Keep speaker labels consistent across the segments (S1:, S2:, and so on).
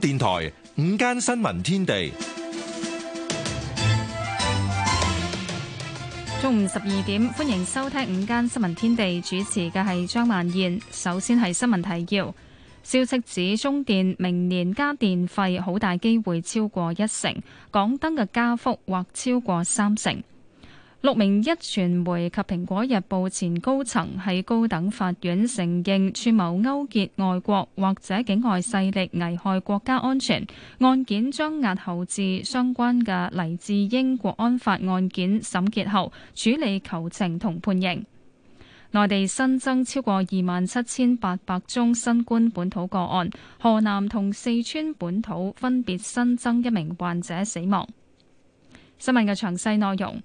S1: 電台午間新聞天地，
S2: 中午十二點，歡迎收聽午間新聞天地，主持嘅係張曼燕。首先係新聞提要，消息指中電明年加電費好大機會超過一成，港燈嘅加幅或超過三成。六名壹傳媒及蘋果日報前高層喺高等法院承認串謀勾結外國或者境外勢力危害國家安全，案件將押後至相關嘅黎智英國安法案件審結後處理求情同判刑。內地新增超過二萬七千八百宗新冠本土個案，河南同四川本土分別新增一名患者死亡。新聞嘅詳細內容。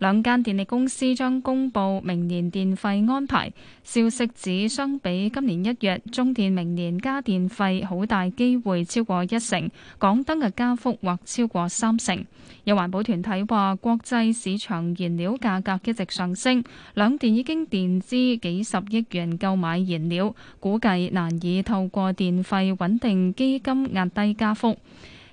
S2: 兩間電力公司將公佈明年電費安排。消息指，相比今年一月，中電明年加電費好大機會超過一成，港燈嘅加幅或超過三成。有環保團體話，國際市場燃料價格一直上升，兩電已經墊資幾十億元購買燃料，估計難以透過電費穩定基金壓低加幅。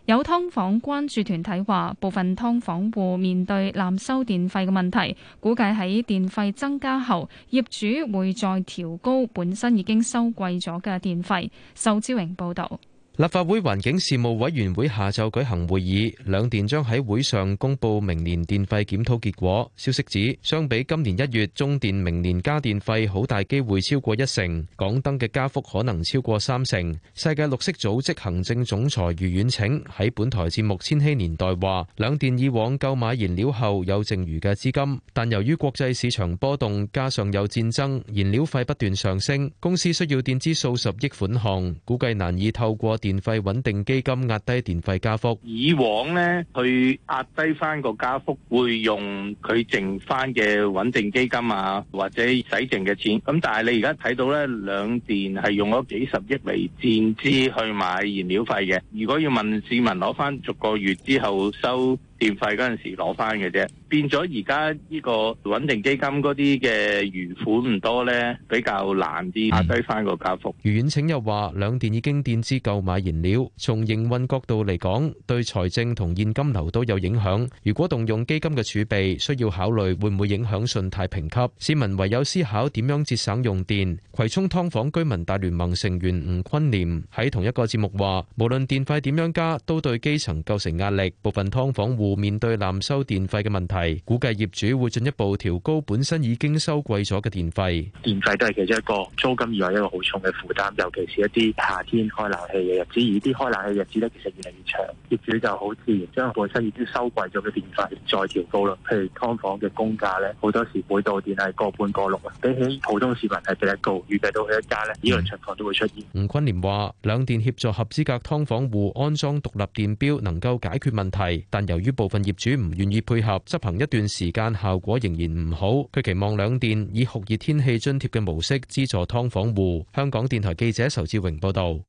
S2: 有劏房關注團體話，部分劏房戶面對濫收電費嘅問題，估計喺電費增加後，業主會再調高本身已經收貴咗嘅電費。仇志榮報導。
S3: 立法會環境事務委員會下晝舉行會議，兩電將喺會上公布明年電費檢討結果。消息指，相比今年一月，中電明年加電費好大機會超過一成，港燈嘅加幅可能超過三成。世界綠色組織行政總裁余遠騁喺本台節目《千禧年代》話，兩電以往購買燃料後有剩餘嘅資金，但由於國際市場波動、加上有戰爭，燃料費不斷上升，公司需要墊資數十億款項，估計難以透過電費穩定基金壓低電費加幅，以往
S1: 呢，去壓低翻個加幅會用佢剩翻
S4: 嘅穩定基金啊，或者使剩嘅錢，咁但係你而家睇到呢兩電係用咗幾十億嚟墊資去買燃料費嘅，如果要問市民攞翻逐個月之後收電費嗰陣時攞翻嘅啫，變咗而家呢個穩定基金嗰啲嘅餘款唔多咧，比較難啲壓低翻個加
S3: 幅。余婉清又話：兩電已經墊資購買燃料，從營運角度嚟講，對財政同現金流都有影響。如果動用基金嘅儲備，需要考慮會唔會影響信貸評級。市民唯有思考點樣節省用電。葵涌劏房居民大聯盟成員吳坤廉喺同一個節目話：無論電費點樣加，都對基層構成壓力。部分劏房戶戶面對濫收電費嘅問題，估計業主會進一步調高本身已經收貴咗嘅電費。
S1: 電費都係其中一個租金以外係一個好重嘅
S4: 負擔，尤其是一啲夏天開冷氣嘅日子，而啲開冷氣嘅日子咧，其實越嚟越長，業主就好自然將本身已經收貴咗嘅電費再調高啦。譬如㓥房嘅公價呢，好多時每度電係個半個六啊，比起普通市民係比較高，預計到佢一加呢，呢個情
S3: 況都會出現。吳坤蓮話：兩電協助合資格劏房戶安裝獨立電錶，能夠解決問題，但由於。部分業主唔願意配合執行一段時間，效果仍然唔好。佢期望兩電以酷熱天氣津貼嘅模式資助劏房戶。香港電台記者仇志榮報導。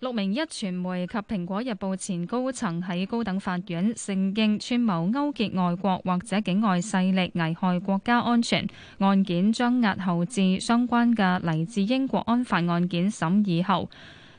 S2: 六名壹傳媒及蘋果日報前高層喺高等法院承認串謀勾結外國或者境外勢力危害國家安全案件，將押後至相關嘅嚟自英國安法案件審議後。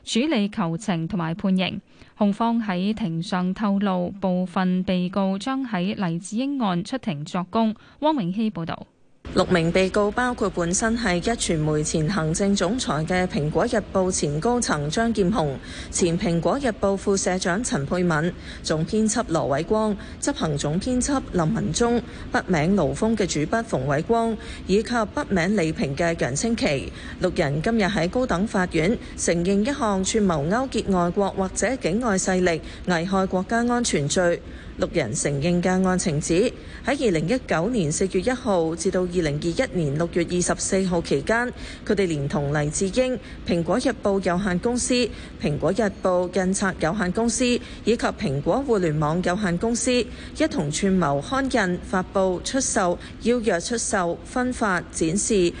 S2: 處理求情同埋判刑。控方喺庭上透露，部分被告將喺黎智英案出庭作供。汪
S5: 永熙報導。六名被告包括本身係一傳媒前行政總裁嘅《蘋果日報》前高層張劍虹、前《蘋果日報》副社長陳沛敏、總編輯羅偉光、執行總編輯林文忠、筆名盧峰嘅主筆馮偉光以及筆名李平嘅楊清奇。六人今日喺高等法院承認一項串謀勾結外國或者境外勢力危害國家安全罪。六人承認嘅案情指，喺二零一九年四月一號至到二零二一年六月二十四號期間，佢哋連同黎智英、蘋果日報有限公司《蘋果日報》有限公司、《蘋果日報》印刷有限公司以及《蘋果互聯網有限公司》一同串謀刊印、發佈、出售、邀約出售、分發、展示及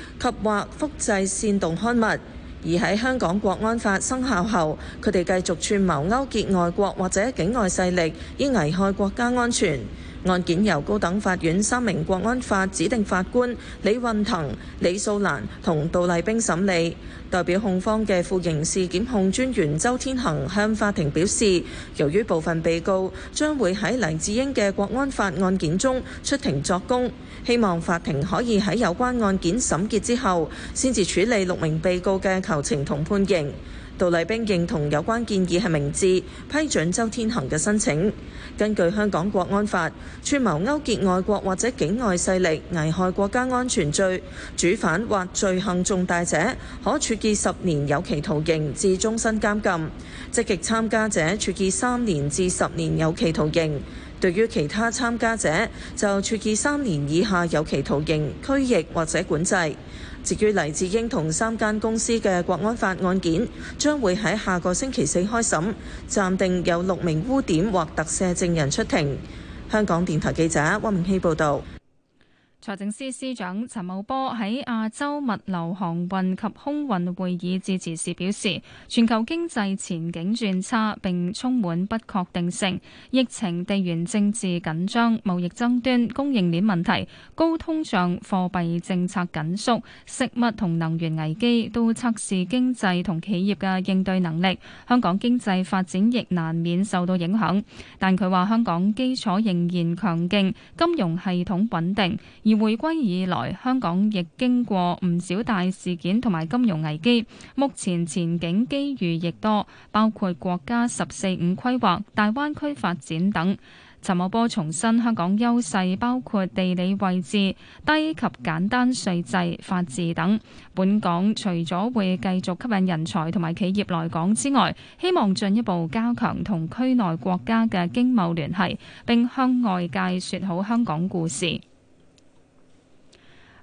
S5: 或複製煽動刊物。而喺香港國安法生效後，佢哋繼續串謀勾結外國或者境外勢力，以危害國家安全。案件由高等法院三名國安法指定法官李運騰、李素蘭同杜麗冰審理。代表控方嘅副刑事檢控專員周天行向法庭表示，由於部分被告將會喺黎智英嘅國安法案件中出庭作供。希望法庭可以喺有關案件審結之後，先至處理六名被告嘅求情同判刑。杜麗冰認同有關建議係明智，批准周天恒嘅申請。根據香港國安法，串謀勾結外國或者境外勢力危害國家安全罪，主犯或罪行重大者可處以十年有期徒刑至終身監禁；積極參加者處以三年至十年有期徒刑。對於其他參加者，就處以三年以下有期徒刑、拘役或者管制。至於黎智英同三間公司嘅國安法案件，將會喺下個星期四開審，暫定有六名污點或特赦證人出庭。香港電台記者溫文熙報道。
S2: 財政司司長陳茂波喺亞洲物流航運及空運會議致辭時表示：全球經濟前景轉差，並充滿不確定性。疫情、地緣政治緊張、貿易爭端、供應鏈問題、高通脹、貨幣政策緊縮、食物同能源危機都測試經濟同企業嘅應對能力。香港經濟發展亦難免受到影響。但佢話香港基礎仍然強勁，金融系統穩定。而回歸以來，香港亦經過唔少大事件同埋金融危機，目前前景機遇亦多，包括國家十四五規劃、大灣區發展等。陳茂波重申，香港優勢包括地理位置、低及簡單稅制、法治等。本港除咗會繼續吸引人才同埋企業來港之外，希望進一步加強同區內國家嘅經貿聯繫，並向外界説好香港故事。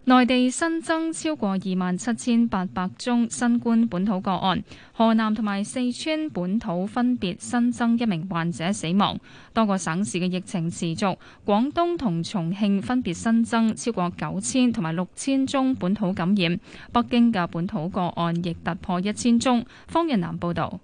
S2: 內地新增超過二萬七千八百宗新冠本土個案，河南同埋四川本土分別新增一名患者死亡。多個省市嘅疫情持續，廣東同重慶分別新增超過九千同埋六千宗本土感染，北京嘅本土個案亦突破一千宗。方人南報導。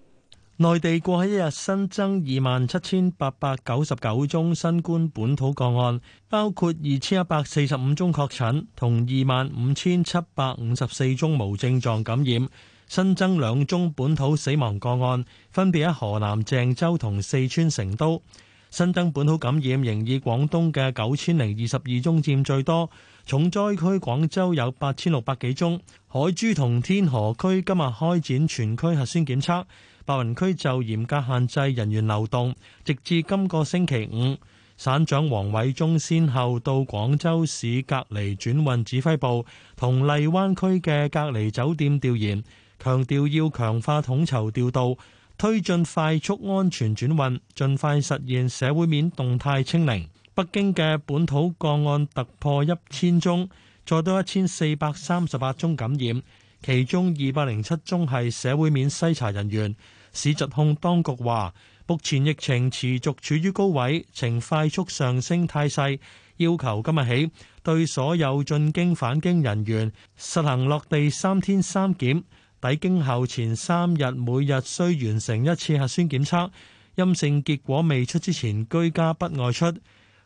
S1: 內地過去一日新增二萬七千八百九十九宗新冠本土個案，包括二千一百四十五宗確診，同二萬五千七百五十四宗無症狀感染。新增兩宗本土死亡個案，分別喺河南鄭州同四川成都。新增本土感染仍以廣東嘅九千零二十二宗佔最多，重災區廣州有八千六百幾宗。海珠同天河區今日開展全區核酸檢測。白雲區就嚴格限制人員流動，直至今個星期五。省長王偉中先後到廣州市隔離轉運指揮部同荔灣區嘅隔離酒店調研，強調要強化統籌調度，推進快速安全轉運，盡快實現社會面動態清零。北京嘅本土個案突破一千宗，再到一千四百三十八宗感染，其中二百零七宗係社會面篩查人員。市疾控當局話：目前疫情持續處於高位，呈快速上升態勢，要求今日起對所有進京返京人員實行落地三天三檢，抵京後前三日每日須完成一次核酸檢測，陰性結果未出之前居家不外出。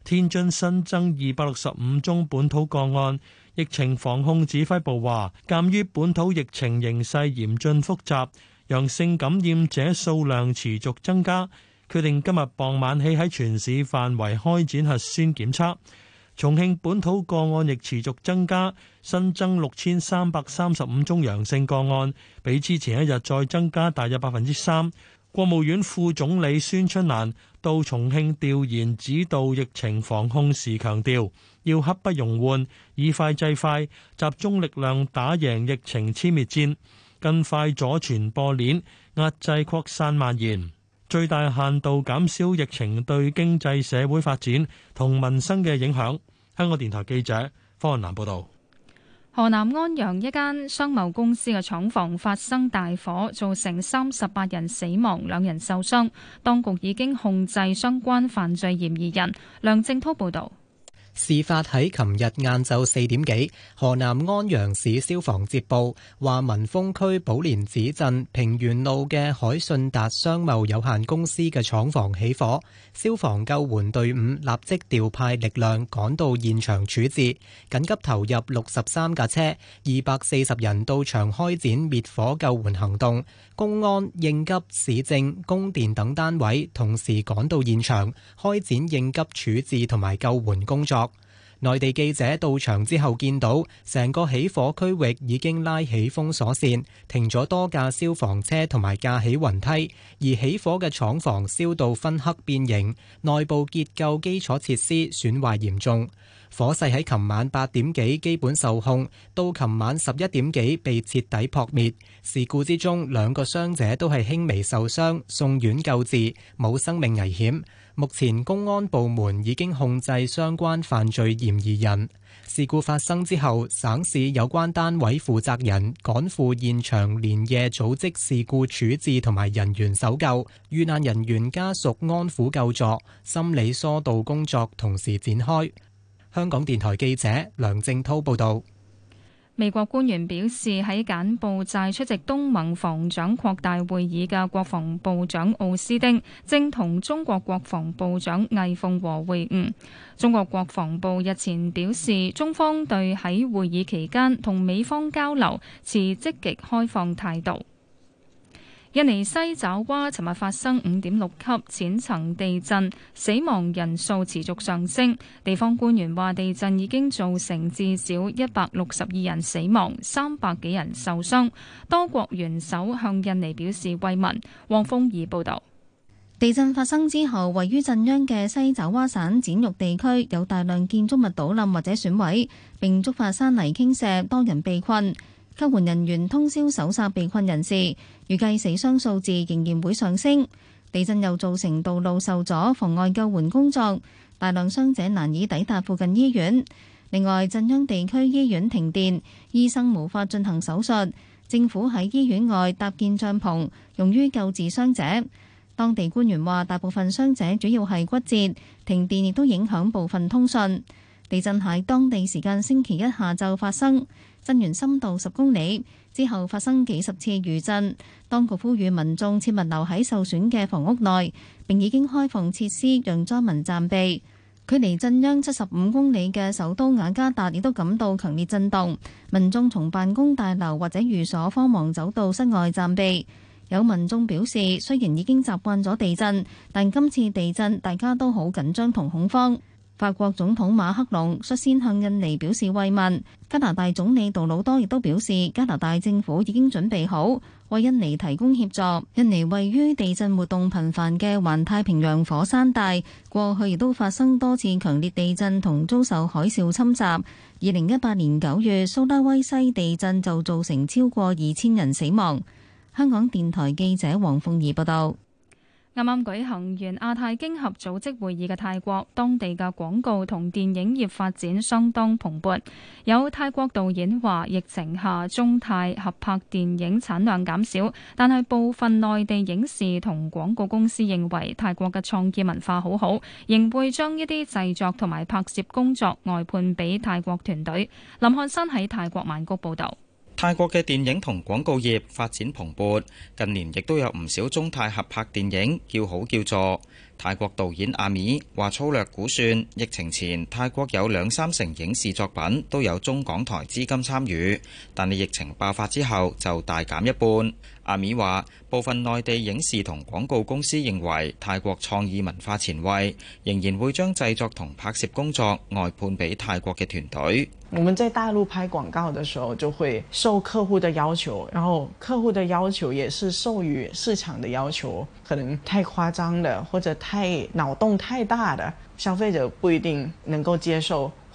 S1: 天津新增二百六十五宗本土個案，疫情防控指揮部話：鑑於本土疫情形勢嚴峻複雜，陽性感染者數量持續增加，決定今日傍晚起喺全市範圍開展核酸檢測。重慶本土個案亦持續增加，新增六千三百三十五宗陽性個案，比之前一日再增加大約百分之三。國務院副總理孫春蘭到重慶調研指導疫情防控時強調，要刻不容緩，以快制快，集中力量打贏疫情殲滅戰。更快阻傳播鏈，壓制擴散蔓延，最大限度減少疫情對經濟社會發展同民生嘅影響。香港電台記者方韻南報道：
S2: 河南安陽一間商貿公司嘅廠房發生大火，造成三十八人死亡，兩人受傷。當局已經控制相關犯罪嫌疑人。梁正濤報道。
S6: 事發喺琴日晏晝四點幾，河南安陽市消防接報，話文峰區寶蓮寺鎮平原路嘅海信達商貿有限公司嘅廠房起火，消防救援隊伍立即調派力量趕到現場處置，緊急投入六十三架車、二百四十人到場開展滅火救援行動，公安、應急、市政、供電等單位同時趕到現場，開展應急處置同埋救援工作。內地記者到場之後，見到成個起火區域已經拉起封鎖線，停咗多架消防車同埋架起雲梯，而起火嘅廠房燒到分黑變形，內部結構基礎設施損壞嚴重。火勢喺琴晚八點幾基本受控，到琴晚十一點幾被徹底撲滅。事故之中，兩個傷者都係輕微受傷，送院救治，冇生命危險。目前公安部門已經控制相關犯罪嫌疑人。事故發生之後，省市有關單位負責人趕赴現場，連夜組織事故處置同埋人員搜救、遇難人員家屬安撫救助、心理疏導工作同時展開。香港電台記者梁正濤報道。
S2: 美國官員表示，喺柬埔寨出席東盟防長擴大會議嘅國防部長奧斯丁正同中國國防部長魏鳳和會晤。中國國防部日前表示，中方對喺會議期間同美方交流持積極開放態度。印尼西爪哇尋日發生五點六級淺層地震，死亡人數持續上升。地方官員話，地震已經造成至少一百六十二人死亡，三百幾人受傷。多國元首向印尼表示慰問。黃鳳儀報導，
S7: 地震發生之後，位於震央嘅西爪哇省展玉地區有大量建築物倒冧或者損毀，並觸發山泥傾瀉，多人被困。救援人員通宵搜索被困人士，預計死傷數字仍然會上升。地震又造成道路受阻，妨礙救援工作，大量傷者難以抵達附近醫院。另外，震央地區醫院停電，醫生無法進行手術。政府喺醫院外搭建帳篷，用於救治傷者。當地官員話，大部分傷者主要係骨折。停電亦都影響部分通訊。地震喺當地時間星期一下晝發生。震源深度十公里，之後發生幾十次餘震。當局呼籲民眾切勿留喺受損嘅房屋內，並已經開放設施讓災民暫避。距離震央七十五公里嘅首都雅加達亦都感到強烈震動，民眾從辦公大樓或者寓所慌忙走到室外暫避。有民眾表示，雖然已經習慣咗地震，但今次地震大家都好緊張同恐慌。法國總統馬克龍率先向印尼表示慰問，加拿大總理杜魯多亦都表示，加拿大政府已經準備好為印尼提供協助。印尼位於地震活動頻繁嘅環太平洋火山帶，過去亦都發生多次強烈地震同遭受海嘯侵襲。二零一八年九月，蘇拉威西地震就造成超過二千人死亡。香港電台記者黃鳳儀報道。
S2: 啱啱舉行完亞太經合組織會議嘅泰國，當地嘅廣告同電影業發展相當蓬勃。有泰國導演話，疫情下中泰合拍電影產量減少，但係部分內地影視同廣告公司認為泰國嘅創意文化好好，仍會將一啲製作同埋拍攝工作外判俾泰國團隊。林漢山喺泰國曼谷報道。
S8: 泰國嘅電影同廣告業發展蓬勃，近年亦都有唔少中泰合拍電影叫好叫座。泰國導演阿米話粗略估算，疫情前泰國有兩三成影視作品都有中港台資金參與，但係疫情爆發之後就大減一半。阿米話：部分內地影視同廣告公司認為泰國創意文化前衞，仍然會將製作同拍攝工作外判俾泰國嘅團隊。
S9: 我們在大陸拍廣告嘅時候，就會受客戶的要求，然後客戶的要求也是受於市場的要求，可能太誇張的或者太腦洞太大的，消費者不一定能夠接受。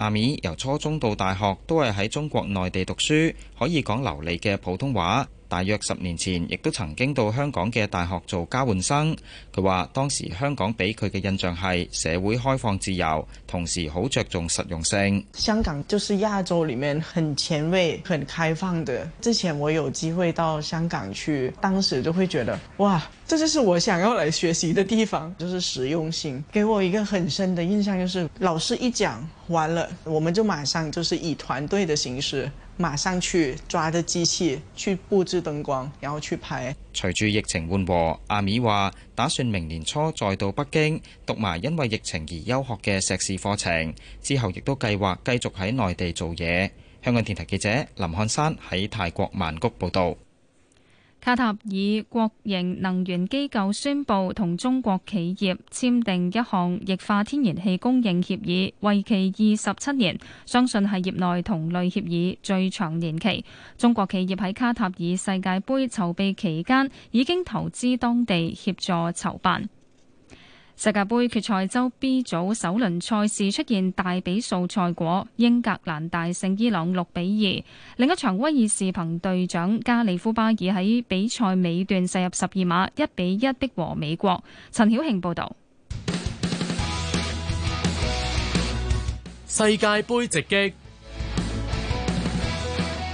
S8: 阿咪由初中到大學都係喺中國內地讀書，可以講流利嘅普通話。大約十年前，亦都曾經到香港嘅大學做交換生。佢話：當時香港俾佢嘅印象係社會開放自由，同時好着重實用性。
S9: 香港就是亞洲裡面很前衛、很開放的。之前我有機會到香港去，當時就會覺得：哇，這就是我想要來學習的地方，就是實用性，給我一個很深的印象。就是老師一講完了，我們就馬上就是以團隊的形式。馬上去抓啲機器去佈置燈光，然後去拍。
S8: 隨住疫情緩和，阿咪話打算明年初再到北京讀埋因為疫情而休學嘅碩士課程，之後亦都計劃繼續喺內地做嘢。香港電台記者林漢山喺泰國曼谷報道。
S2: 卡塔爾國營能源機構宣布同中國企業簽訂一項液化天然氣供應協議，為期二十七年，相信係業內同類協議最長年期。中國企業喺卡塔爾世界盃籌備期間已經投資當地協助籌辦。世界杯決賽周 B 組首輪賽事出現大比數賽果，英格蘭大勝伊朗六比二。另一場威爾士憑隊長加里夫巴爾喺比賽尾段射入十二碼，一比一逼和美國。陳曉慶報道。世
S10: 界杯直擊。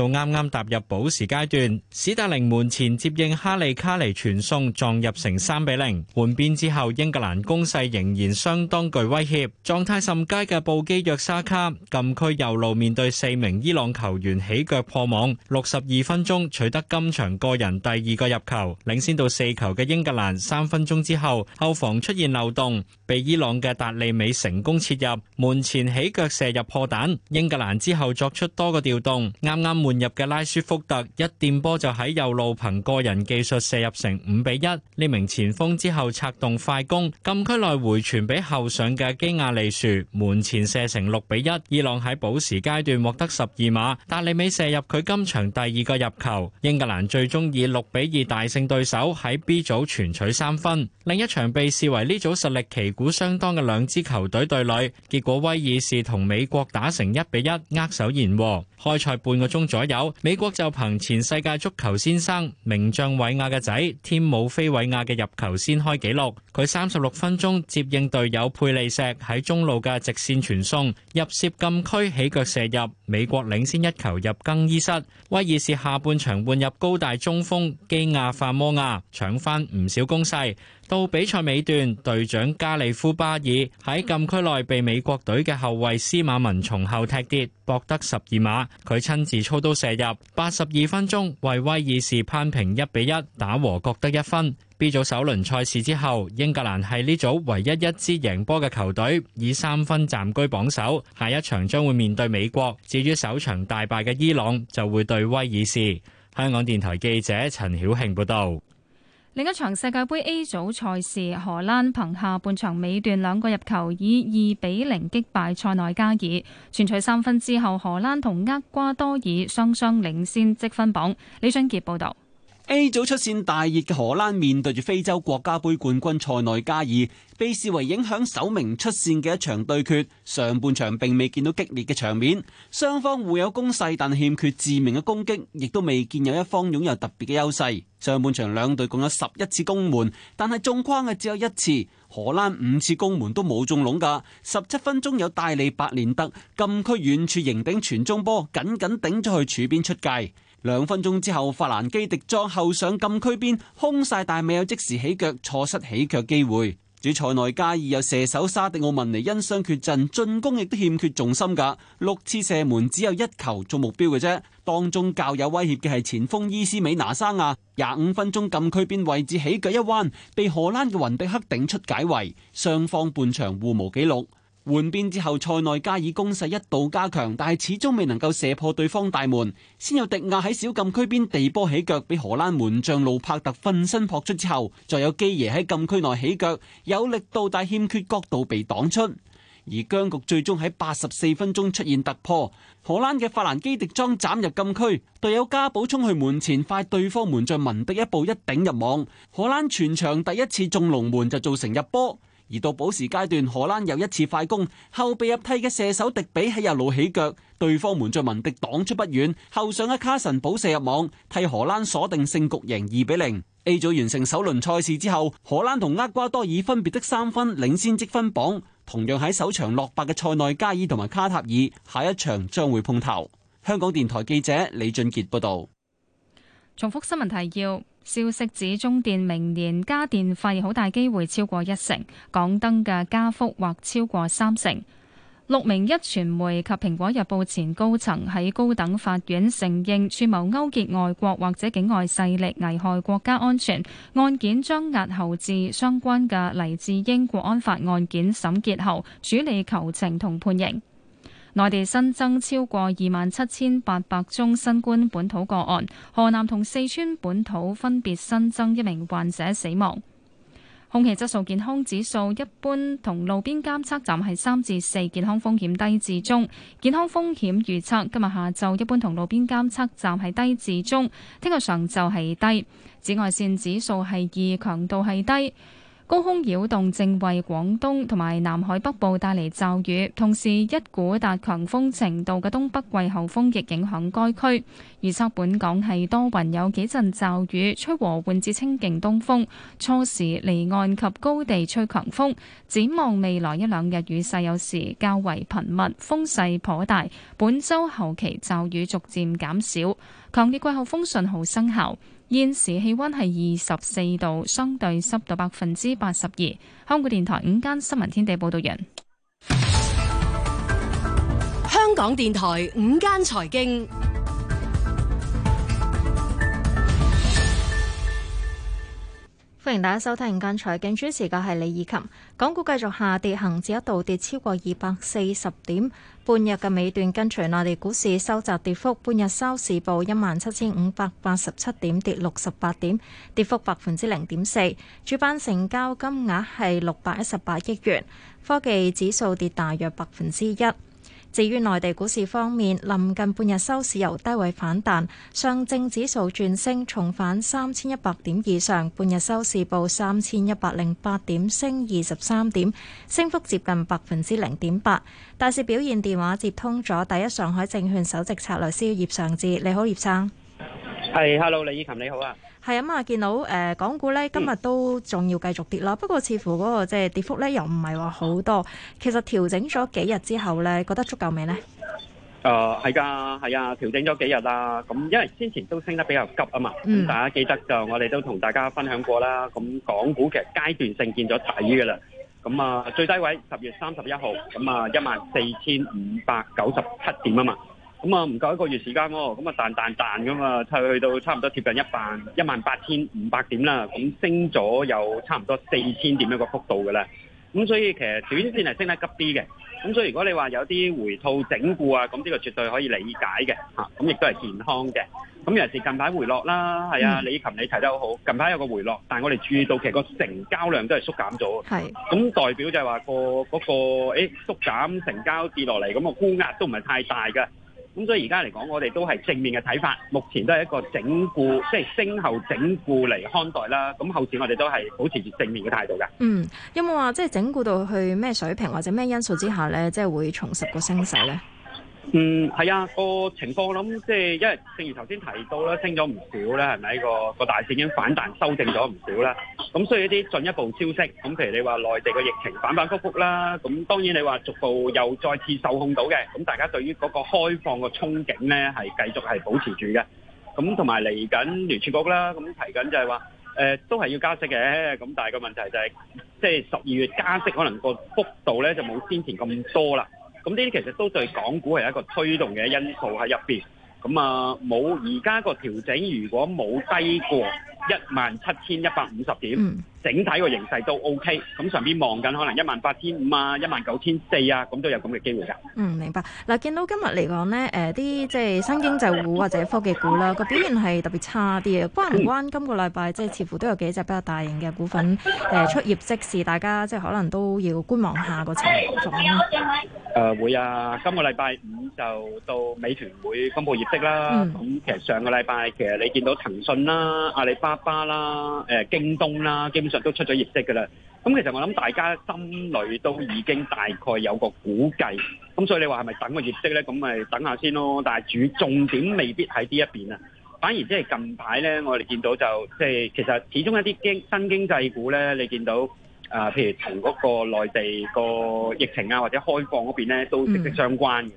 S10: 到啱啱踏入補時階段，史達寧門前接應哈利卡尼傳送撞入成三比零。換邊之後，英格蘭攻勢仍然相當具威脅。狀態甚佳嘅布基約沙卡禁區右路面對四名伊朗球員起腳破網。六十二分鐘取得今場個人第二個入球，領先到四球嘅英格蘭。三分鐘之後，後防出現漏洞，被伊朗嘅達利美成功切入門前起腳射入破蛋。英格蘭之後作出多個調動，啱啱換入嘅拉舒福特一墊波就喺右路憑個人技術射入成五比一。呢名前鋒之後策動快攻，禁區內回傳俾後上嘅基亞利殊，門前射成六比一。伊朗喺補時階段獲得十二碼，達利美射入佢今場第二個入球。英格蘭最終以六比二大勝對手，喺 B 組全取三分。另一場被視為呢組實力旗鼓相當嘅兩支球隊對壘，結果威爾士同美國打成一比一，握手言和。開賽半個鐘左右。左右，美國就憑前世界足球先生名將韋亞嘅仔添姆菲韋亞嘅入球先開紀錄。佢三十六分鐘接應隊友佩利石喺中路嘅直線傳送，入攝禁區起腳射入，美國領先一球入更衣室。威爾士下半場換入高大中鋒基亞法摩亞，搶翻唔少攻勢。到比賽尾段，隊長加利夫巴爾喺禁區內被美國隊嘅後衛斯馬文從後踢跌，博得十二碼，佢親自操刀射入。八十二分鐘，為威爾士扳平一比一，打和各得一分。B 組首輪賽事之後，英格蘭係呢組唯一一支贏波嘅球隊，以三分暫居榜首。下一場將會面對美國。至於首場大敗嘅伊朗，就會對威爾士。香港電台記者陳曉慶報道。
S2: 另一場世界盃 A 組賽事，荷蘭憑下半場尾段兩個入球，以二比零擊敗塞內加爾，全取三分之後，荷蘭同厄瓜多爾雙雙，雙雙領先積分榜。李俊傑報導。
S11: A 組出線大熱嘅荷蘭面對住非洲國家盃冠軍塞內加爾。被視為影響首名出線嘅一場對決，上半場並未見到激烈嘅場面，雙方互有攻勢，但欠缺致命嘅攻擊，亦都未見有一方擁有特別嘅優勢。上半場兩隊共有十一次攻門，但係中框嘅只有一次。荷蘭五次攻門都冇中籠噶。十七分鐘有戴利白連特禁區遠處迎頂傳中波，緊緊頂咗去柱邊出界。兩分鐘之後，法蘭基迪莊後上禁區邊，空晒但未有即時起腳，錯失起腳機會。主賽內加爾有射手沙迪奧文尼因傷缺陣，進攻亦都欠缺重心㗎。六次射門只有一球做目標嘅啫，當中較有威脅嘅係前鋒伊斯美拿沙亞，廿五分鐘禁區邊位置起腳一彎，被荷蘭嘅雲迪克頂出解圍，雙方半場互無紀錄。換邊之後，塞內加爾攻勢一度加強，但係始終未能夠射破對方大門。先有迪亞喺小禁區邊地波起腳，俾荷蘭門將盧帕特奮身撲出之後，再有基爺喺禁區內起腳，有力度但欠缺角度被擋出。而僵局最終喺八十四分鐘出現突破，荷蘭嘅法蘭基迪莊斬入禁區，隊友加寶衝去門前，快對方門將文迪一步一頂入網，荷蘭全場第一次中龍門就造成入波。而到補時階段，荷蘭又一次快攻，後備入替嘅射手迪比喺右路起腳，對方門將文迪擋出不遠，後上一卡神補射入網，替荷蘭鎖定勝局，贏二比零。A 組完成首輪賽事之後，荷蘭同厄瓜多爾分別得三分領先積分榜，同樣喺首場落敗嘅塞內加爾同埋卡塔爾，下一場將會碰頭。香港電台記者李俊傑報道。
S2: 重複新聞提要：消息指中電明年加電費好大機會超過一成，港燈嘅加幅或超過三成。六名壹傳媒及蘋果日報前高層喺高等法院承認串謀勾結外國或者境外勢力危害國家安全。案件將押後至相關嘅黎智英國安法案件審結後處理求情同判刑。內地新增超過二萬七千八百宗新冠本土個案，河南同四川本土分別新增一名患者死亡。空氣質素健康指數一般同路邊監測站係三至四，健康風險低至中。健康風險預測今日下晝一般同路邊監測站係低至中，聽日上晝係低。紫外線指數係二，強度係低。高空擾動正為廣東同埋南海北部帶嚟驟雨，同時一股達強風程度嘅東北季候風亦影響該區。預測本港係多雲有幾陣驟雨，吹和緩至清勁東風，初時離岸及高地吹強風。展望未來一兩日雨勢有時較為頻密，風勢頗大。本週後期驟雨逐漸減少，強烈季候風信號生效。現時氣溫係二十四度，相對濕度百分之八十二。香港電台午間新聞天地報道員，香港電台午間財
S12: 經。歡迎大家收聽《今財經》，主持嘅係李以琴。港股繼續下跌，恒指一度跌超過二百四十點，半日嘅尾段跟隨內地股市收窄跌幅，半日收市報一萬七千五百八十七點，跌六十八點，跌幅百分之零點四。主板成交金額係六百一十八億元，科技指數跌大約百分之一。至於內地股市方面，臨近、近半日收市由低位反彈，上證指數轉升，重返三千一百點以上，半日收市報三千一百零八點，升二十三點，升幅接近百分之零點八。大市表現，電話接通咗第一上海證券首席策略師葉尚志，你好，葉生。
S4: 係、hey，Hello，李以琴，你好啊。
S12: 係啊嘛，見到誒港股咧，今日都仲要繼續跌啦。嗯、不過似乎嗰個即係跌幅咧，又唔係話好多。其實調整咗幾日之後咧，覺得足夠未呢？
S4: 誒係㗎，係啊，調整咗幾日啦。咁因為先前都升得比較急啊嘛，咁、嗯、大家記得就我哋都同大家分享過啦。咁港股其實階段性見咗底嘅啦。咁啊最低位十月三十一號，咁啊一萬四千五百九十七點啊嘛。咁啊，唔夠一個月時間喎、哦，咁啊彈彈彈噶嘛，就去到差唔多接近一萬一萬八千五百點啦，咁升咗有差唔多四千點一個幅度嘅啦。咁所以其實短線係升得急啲嘅。咁所以如果你話有啲回吐整固啊，咁呢個絕對可以理解嘅嚇。咁亦都係健康嘅。咁尤其係近排回落啦，係啊，李、嗯、琴你提得好好。近排有個回落，但係我哋注意到其實個成交量都係縮減咗。係是。咁代表就係話個嗰個，誒縮減成交跌落嚟，咁、那個沽壓都唔係太大嘅。咁所以而家嚟講，我哋都係正面嘅睇法。目前都係一個整固，即係升後整固嚟看待啦。咁後市我哋都係保持住正面嘅態度㗎。嗯，
S12: 有冇話即係整固到去咩水平或者咩因素之下咧，即係會重拾個升勢咧？嗯，係啊，個
S4: 情況我諗即係，因、嗯、為正如頭先提到啦，升咗唔少啦，係咪個個大市已經反彈修正咗唔少啦？咁、嗯、所以一啲進一步消息，咁、嗯、譬如你話內地個疫情反反覆覆啦，咁、嗯、當然你話逐步又再次受控到嘅，咁、嗯、大家對於嗰個開放嘅憧憬咧，係繼續係保持住嘅。咁同埋嚟緊聯儲局啦，咁、嗯、提緊就係話，誒、呃、都係要加息嘅，咁、嗯、但係個問題就係、是，即係十二月加息可能個幅度咧就冇先前咁多啦。咁呢啲其實都對港股係一個推動嘅因素喺入邊，咁啊冇而家個調整，如果冇低過，一萬七千一百五十點，整體個形勢都 O K。咁上邊望緊可能一萬八千五啊，一萬九千四啊，咁都有咁嘅機會㗎。嗯，
S12: 明白。嗱，見到今日嚟講呢，誒啲即係新經濟股或者科技股啦，個表現係特別差啲嘅。關唔關今個禮拜即係似乎都有幾隻比較大型嘅股份誒出業績，是大家即係可能都要觀望下個情
S2: 況。誒
S4: 會啊，今個禮拜五就到美團會公布業績啦。咁其實上個禮拜其實你見到騰訊啦、阿里巴。巴巴啦，誒京東啦，基本上都出咗業績㗎喇。咁其實我諗大家心裏都已經大概有個估計，咁所以你話係咪等個業績咧？咁咪等下先咯。但係主重點未必喺呢一邊啊，反而即係近排咧，我哋見到就即係其實始終一啲經新經濟股咧，你見到啊，譬如同嗰個內地個疫情啊，或者開放嗰邊咧，都息息相關嘅。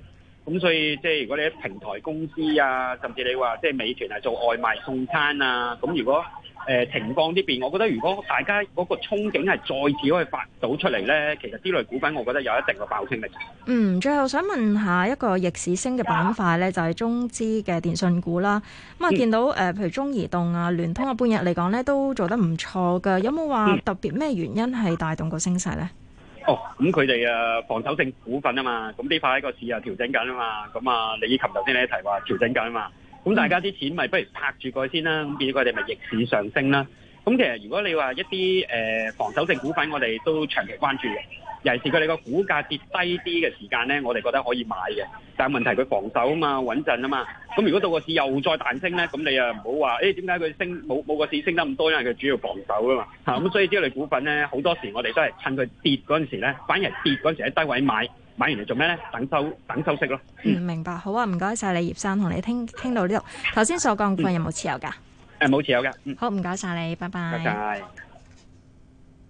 S4: 咁所以即係如果你喺平台公司啊，甚至你話即係美團係做外賣送餐啊，咁如果誒情況呢邊，我覺得如果大家嗰個憧憬係再次可以發到出嚟咧，其實呢類股份，我覺得有一定嘅爆升力。嗯，
S12: 最後想問下一個逆市升嘅板塊咧，就係、是、中資嘅電訊股啦。咁、嗯、啊，嗯嗯、見到誒，譬如中移動啊、聯通啊，半日嚟講咧都做得唔錯嘅。有冇話特別咩原因係帶動個升勢咧？
S4: 哦，咁佢哋啊，防守性股份啊嘛，咁呢排喺個市又調整緊啊嘛，咁啊李琴頭先你一提話調整緊啊嘛，咁大家啲錢咪不如拍住過去先啦，咁變咗佢哋咪逆市上升啦。咁、嗯、其實如果你話一啲誒、呃、防守性股份，我哋都長期關注嘅。尤其是佢哋個股價跌低啲嘅時間咧，我哋覺得可以買嘅。但問題，佢防守啊嘛，穩陣啊嘛。咁、嗯、如果到個市又再彈升咧，咁、嗯、你又唔好話，誒，點解佢升冇冇個市升得咁多？因為佢主要防守啊嘛。嚇、嗯、咁所以呢類股份咧，好多時我哋都係趁佢跌嗰陣時咧，反而跌嗰陣時喺低位買，買完嚟做咩咧？等收等收息咯。嗯，
S12: 明白。好啊，唔該晒。你，葉生，同你聽聽到呢度。頭先所講股份有冇持有㗎？嗯嗯嗯嗯
S4: 誒，冇
S12: 持有嘅。嗯、好，唔該晒你，拜
S9: 拜。
S12: 多謝。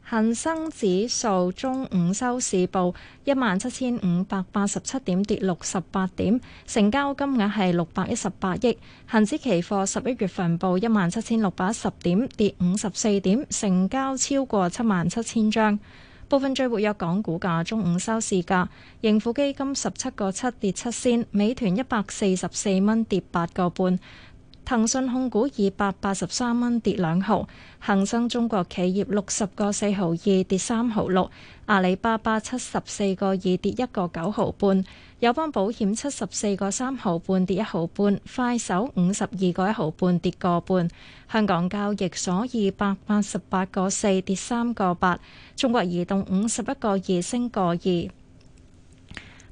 S12: 恒生指數中午收市報一萬七千五百八十七點，跌六十八點，成交金額係六百一十八億。恒指期貨十一月份報一萬七千六百一十點，跌五十四點，成交超過七萬七千張。部分最活躍港股價中午收市價，盈富基金十七個七跌七仙，美團一百四十四蚊跌八個半。騰訊控股二百八十三蚊跌兩毫，恒生中國企業六十個四毫二跌三毫六，阿里巴巴七十四個二跌一個九毫半，友邦保險七十四個三毫半跌一毫半，快手五十二個一毫半跌個半，香港交易所二百八十八個四跌三個八，中國移動五十一個二升個二，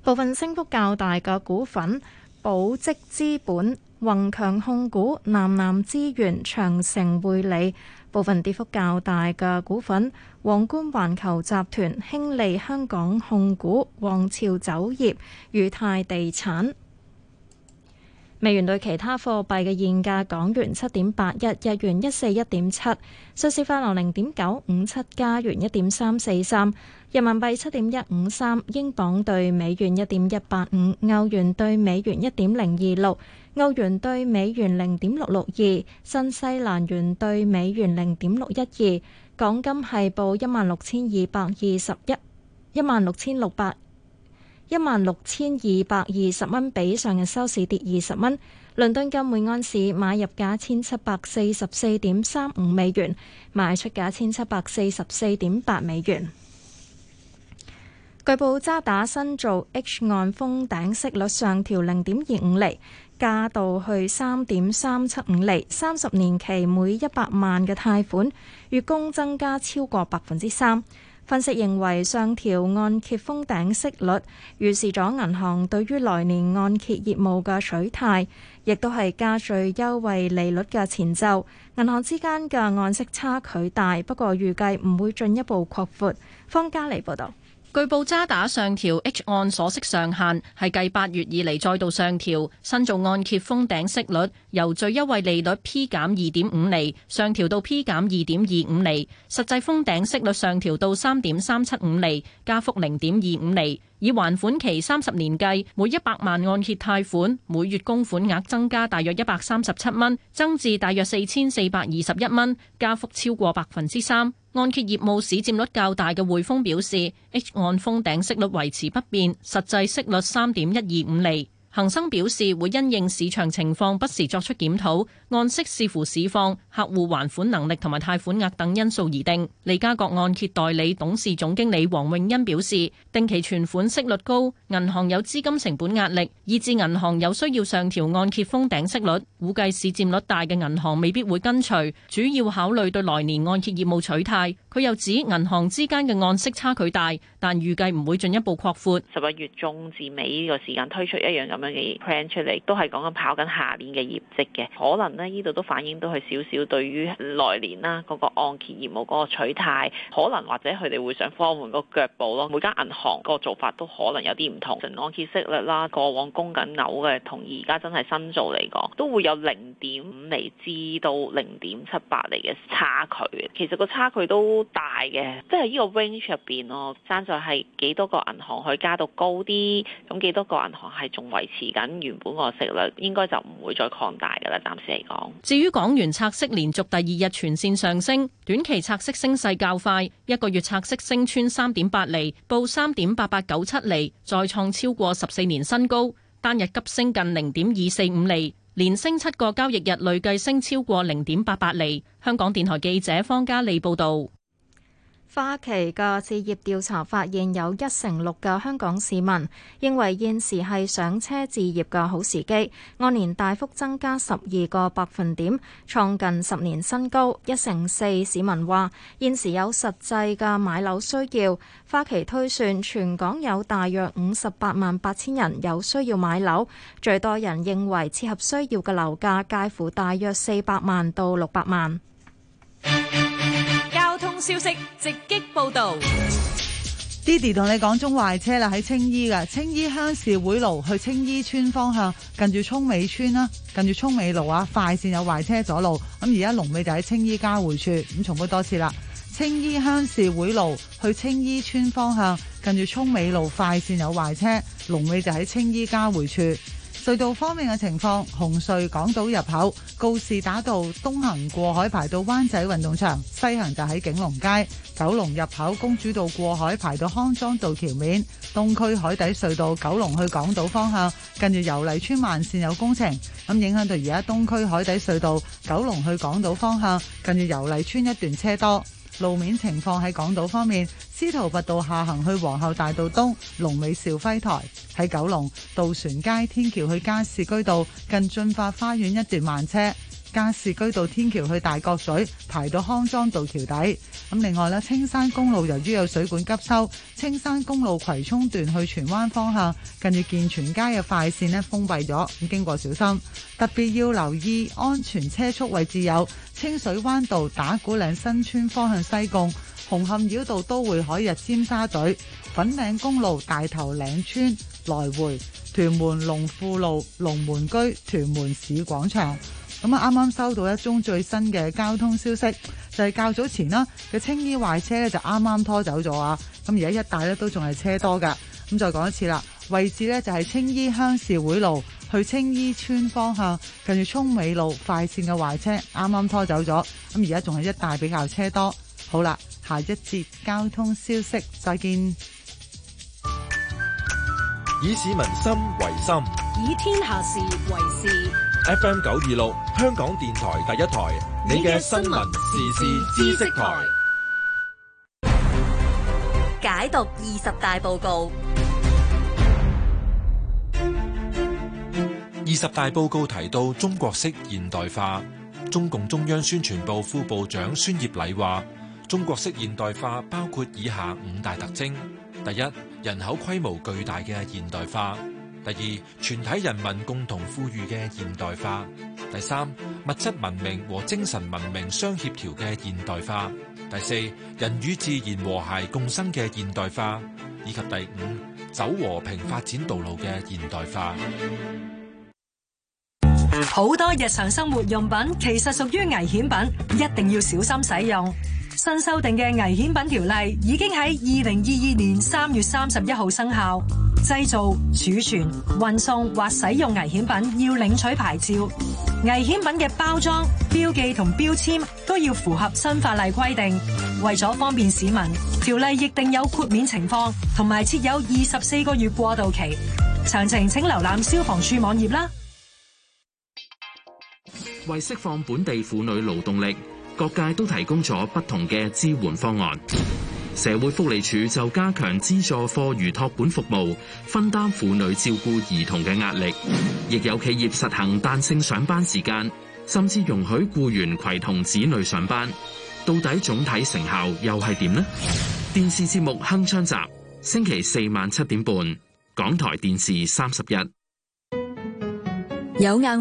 S12: 部分升幅較大嘅股份，保值資本。宏強控股、南南資源、長城匯理。部分跌幅較大嘅股份，皇冠環球集團、興利香港控股、皇朝酒業、裕泰地產。美元兌其他貨幣嘅現價：港元七點八一，日元一四一點七，瑞士法郎零點九五七，加元一點三四三，人民幣七點一五三，英鎊兌美元一點一八五，歐元兌美元一點零二六。歐元兌美元零點六六二，新西蘭元兌美元零點六一二，港金係報一萬六千二百二十一，一萬六千六百，一萬六千二百二十蚊，比上日收市跌二十蚊。倫敦金每安士買入價千七百四十四點三五美元，賣出價千七百四十四點八美元。據報渣打新造 H 按封頂息率上調零點二五厘。加到去三點三七五厘，三十年期每一百萬嘅貸款月供增加超過百分之三。分析認為上調按揭封頂息率，預示咗銀行對於來年按揭業務嘅取態，亦都係加最優惠利率嘅前奏。銀行之間嘅按息差距大，不過預計唔會進一步擴闊。方嘉莉報道。
S13: 據報渣打上調 H 按所息上限，係繼八月以嚟再度上調，新造按揭封頂息率由最優惠利率 P 減二點五厘上調到 P 減二點二五厘，L，實際封頂息率上調到三點三七五厘，加幅零點二五厘。以還款期三十年計，每一百萬按揭貸款每月供款額增加大約一百三十七蚊，增至大約四千四百二十一蚊，加幅超過百分之三。按揭業務市佔率較大嘅匯豐表示，H 按封頂息率維持不變，實際息率三點一二五厘。恒生表示會因應市場情況不時作出檢討，按息視乎市況、客戶還款能力同埋貸款額等因素而定。利嘉閣按揭代理董事總經理黃詠欣表示，定期存款息率高，銀行有資金成本壓力，以致銀行有需要上調按揭封頂息率。估計市占率大嘅銀行未必會跟隨，主要考慮對來年按揭業務取態。佢又指銀行之間嘅按息差距大，但預計唔會進一步擴闊。十一月中至尾呢個時間推出一樣咁。咁嘅 plan 出嚟，都係講緊跑緊下年嘅業績嘅，可能咧呢度都反映到係少少對於來年啦嗰個按揭業務嗰個取態，可能或者佢哋會想放緩個腳步咯。每間銀行個做法都可能有啲唔同，成按揭息率啦，過往供緊樓嘅同而家真係新造嚟講都會有零點五厘至到零點七八厘嘅差距，其實個差距都大嘅，即係呢個 range 入邊咯，爭在係幾多個銀行可以加到高啲，咁幾多個銀行係仲為，持緊原本個息率，應該就唔會再擴大嘅啦。暫時嚟講，至於港元拆息連續第二日全線上升，短期拆息升勢較快，一個月拆息升穿3.8釐，報3.8897釐，再創超過十四年新高，單日急升近0.245釐，連升七個交易日，累計升超過0.88釐。香港電台記者方嘉利報導。
S12: 花旗嘅置業調查發現，有一成六嘅香港市民認為現時係上車置業嘅好時機，按年大幅增加十二個百分點，創近十年新高。一成四市民話，現時有實際嘅買樓需要。花旗推算，全港有大約五十八萬八千人有需要買樓，最多人認為切合需要嘅樓價介乎大約四百萬到六百萬。
S13: 消息直擊報道
S14: 爹哋同你講中壞車啦，喺青衣噶青衣鄉事會路去青衣村方向，近住涌美村啦，近住涌美路啊，快綫有壞車阻路，咁而家龍尾就喺青衣交匯處，咁重複多次啦，青衣鄉事會路去青衣村方向，近住涌美路快綫有壞車，龍尾就喺青衣交匯處。隧道方面嘅情況，紅隧港島入口告士打道東行過海排到灣仔運動場，西行就喺景隆街；九龍入口公主道過海排到康莊道橋面，東區海底隧道九龍去港島方向，近住油麗村慢線有工程，咁影響到而家東區海底隧道九龍去港島方向近住油麗村一段車多。路面情況喺港島方面。司徒拔道下行去皇后大道東，龍尾兆輝台。喺九龍渡船街天橋去加士居道近駿發花園一段慢車，加士居道天橋去大角咀排到康莊道橋底。咁另外咧，青山公路由於有水管急修，青山公路葵涌段去荃灣方向近住健全街嘅快線咧封閉咗，咁經過小心，特別要留意安全車速。位置有清水灣道打鼓嶺新村方向西貢。紅磡繞道都會海日尖沙咀、粉嶺公路大頭嶺村來回屯門龍富路、龍門居屯門市廣場。咁啊，啱啱收到一宗最新嘅交通消息，就係較早前啦嘅青衣壞車咧，就啱啱拖走咗啊。咁而家一帶咧都仲係車多噶。咁再講一次啦，位置咧就係青衣鄉事會路去青衣村方向，近住涌美路快線嘅壞車啱啱拖走咗。咁而家仲係一帶比較車多。好啦。下一節交通消息，再見。
S13: 以市民心為心，以天下事為事。
S1: F M 九二六，香港電台第一台，一台你嘅新聞時事知
S4: 識台，
S7: 解讀二十大報告。
S1: 二十大報告
S10: 提到中國式現代化，中共中央宣傳部副部長孫業禮話。中國式現代化包括以下五大特徵：第一，人口規模巨大嘅現代化；第二，全體人民共同富裕嘅現代化；第三，物質文明和精神文明相協調嘅現代化；第四，人與自然和諧共生嘅現代化；以及第五，走和平發展道路嘅現代化。
S12: 好多日常生活用品其實屬於危險品，一定要小心使用。新修訂嘅危險品條例已經喺二零二二年三月三十一號生效。製造、儲存、運送或使用危險品要領取牌照。危險品嘅包裝、標記同標籤都要符合新法例規定。為咗方便市民，條例亦定有豁免情況，同埋設有二十四個月過渡期。詳情請瀏覽消防處網頁啦。
S10: 為釋放本地婦女勞動力。各界都提供咗不同嘅支援方案，社會福利署就加強資助課餘托管服務，分擔婦女照顧兒童嘅壓力；亦有企業實行彈性上班時間，甚至容許僱員攜同子女上班。到底總體成效又係點呢？電視節目鏗鏘集，星期四晚
S2: 七點半，港台電視三十一。有硬。